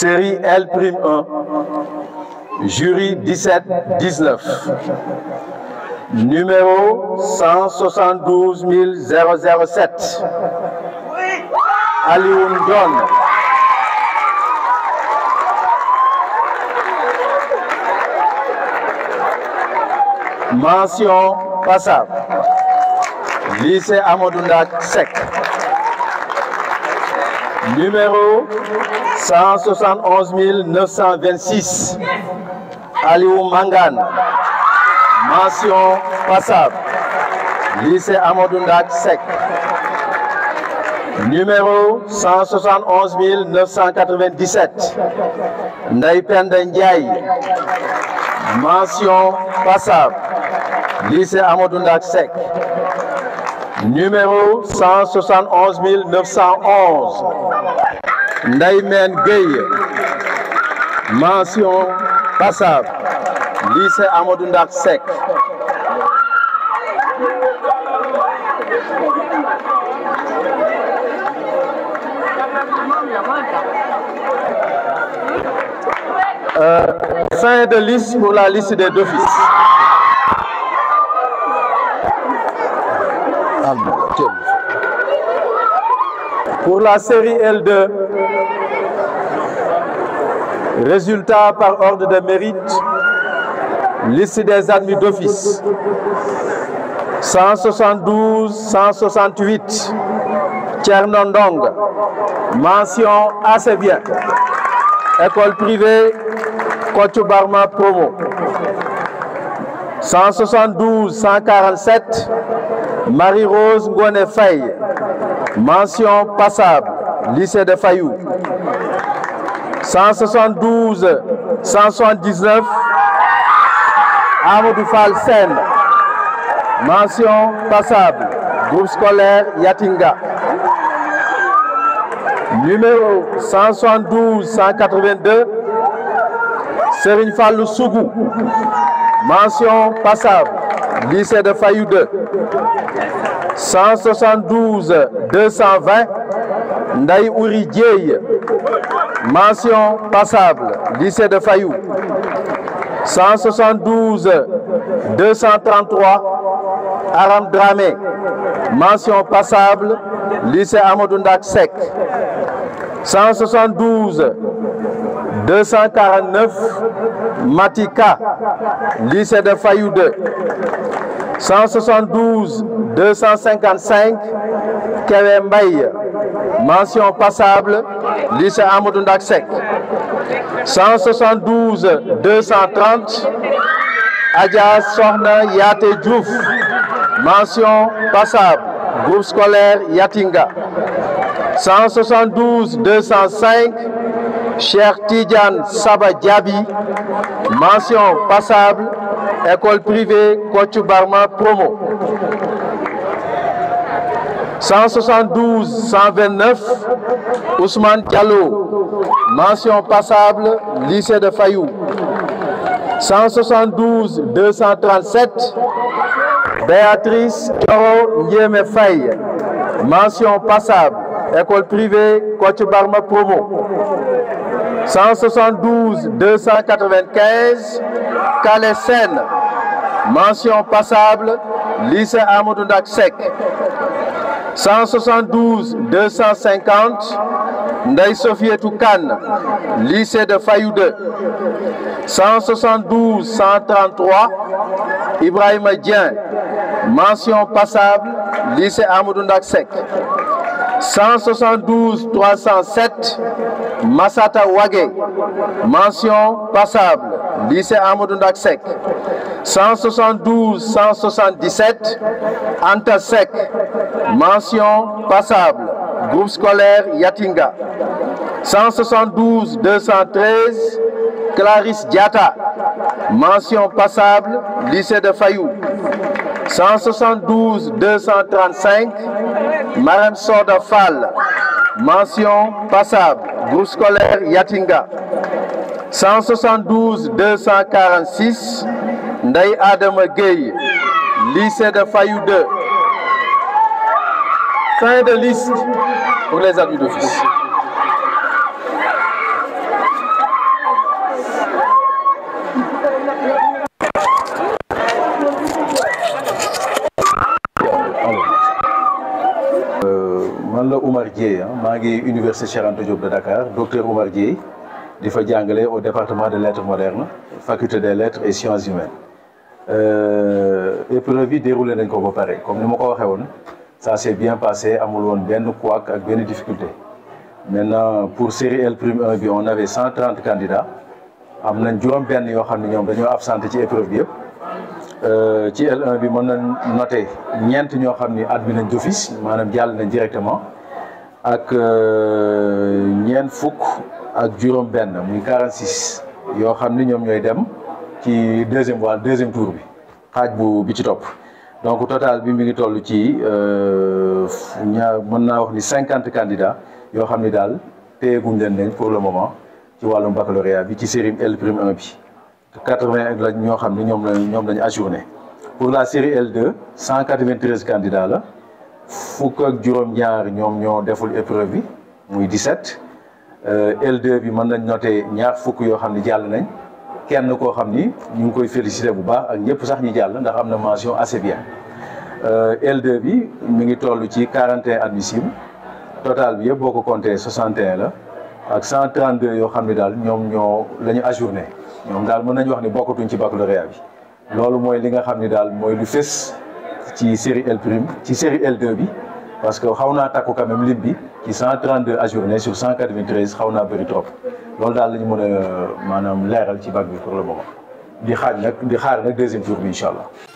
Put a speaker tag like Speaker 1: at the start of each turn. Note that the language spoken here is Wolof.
Speaker 1: série
Speaker 2: L'1 jury 17 19 numéro 172 007 Alioune John mention passable lycée Amadou Ndak Seck numéro 171 926
Speaker 1: Aliou Mangane
Speaker 2: mention passable lycée Amadou Ndak Seck numéro 171 997 Ndeye Penda Ndiaye mention passable numéro 171 911 Ndaïmen Gueye mention passable lycée euh, fin de liste pour la liste des deux fils. Pour la série L2, résultat par ordre de mérite, liste des admis d'office. 172, 168, Tchernondong, mention assez bien. École privée, Kochubarma Promo. 172, Marie-Rose Ngone Faye, mention passable, lycée de Fayou. 172, 179, Amadou Fall Sen, mention passable, groupe scolaire Yatinga. Numéro 172, 182, Serigne Fallou passable, lycée de Fayou 2. 172 220 Ndaï Ouri Dieye mention passable lycée de Fayou 172 233 Aram Dramé mention passable lycée Amadou Ndak Matika lycée de Fayou 2 172 255 Kewé Mbaye mention passable lycée Amadou Ndak Seck 172 230 Adja Sokhna Yaté Diouf mention passable groupe scolaire Yatinga 172 205 Saba Diaby mention passable école privée Kocc Barma promo 172 129 Ousmane Diallo mention passable lycée de Fayou 172 237 Béatrice Thioro Ndiémé Faye mention passable école privée Kocc Barma promo 172 295 Calais Seine mention passable lycée Amadou Ndak Seck 172 250 Ndeye Sofietou Kane lycée de Fayou 2 172 133 Ibrahima Dieng mention passable lycée Amadou Ndak Seck 172 307 Massata Wagé mention passable lycée Amadou Ndak Seck 172 177 Anta Seck mention passable groupe scolaire Yatinga 172 213 Clarisse Diata mention passable lycée de Fayou 172 235 Marem Soda Fall mention passable groupe scolaire Yatinga 172 246 Ndeye Adama Gueye lycée de Fayou 2 fin de liste pour les adultes
Speaker 1: Dieye maa ngi université Cheikh Anta Diop de Dakar docteur Oumar Dieye di fa jàngale au département des lettres modernes faculté des lettres et sciences humaines euh, épreuve yi déroulé nañ ko ba pare comme ni ma ko waxee woon ça s'est bien passé amul woon benn couac ak benn difficulté maintenant pour série L prime 1 bi on avait cent trente candidats am nañ juróom-benn yoo xam ne ñoom dañoo absenté ci épreuve bi yëpp euh, ci L1 bi mën na noté ñeent ñoo xam ni admis nañ ak euh, ñeent fukk ak juróom benn muy yoo xam ni ñoom ñooy dem ci deuxième voie deuxième tour bi xaaj bu bi ci topp donc total bi mi ngi toll ci euh, ñaar mën naa wax ni cinquante candidats yoo xam ni daal téyeguñ leen nañ pour le moment ci wàllum baccalauréat bi ci série L prime 1 bi quatre-vingt la ñoo xam ni ñoom la ñoom lañu ajourné pour la série L2 cent quatre-vingt-treize candidats la fukk ak juróom-ñaar ñoom ñoo deful épreuve bi muy 17 euh, L2 bi mën nañ noté ñaar fukk yoo xam ne jàll nañ kenn koo xam ni ñu ngi koy félicité bu baax ak ñëpp sax ñi jàll ndax am na mention assez bien euh, l bi mu ngi toll ci 41 admissible total bi yëpp boo ko compté 61 la ak 132 yoo xam ne daal ñoom ñoo la ñu ajourné ñoom daal mën nañu wax ni bokkatuñ ci baccalauréat bi loolu mooy li nga xam ni daal mooy lu fës. ci série L prime ci série l bi parce que xaw naa takku quand même lim bi ci 132 ajournées sur 193 xaw naa bëri trop loolu daal la ñu mën a maanaam leeral ci bac bi pour le moment di xaaj nag di xaar nag deuxième tour bi incha allah.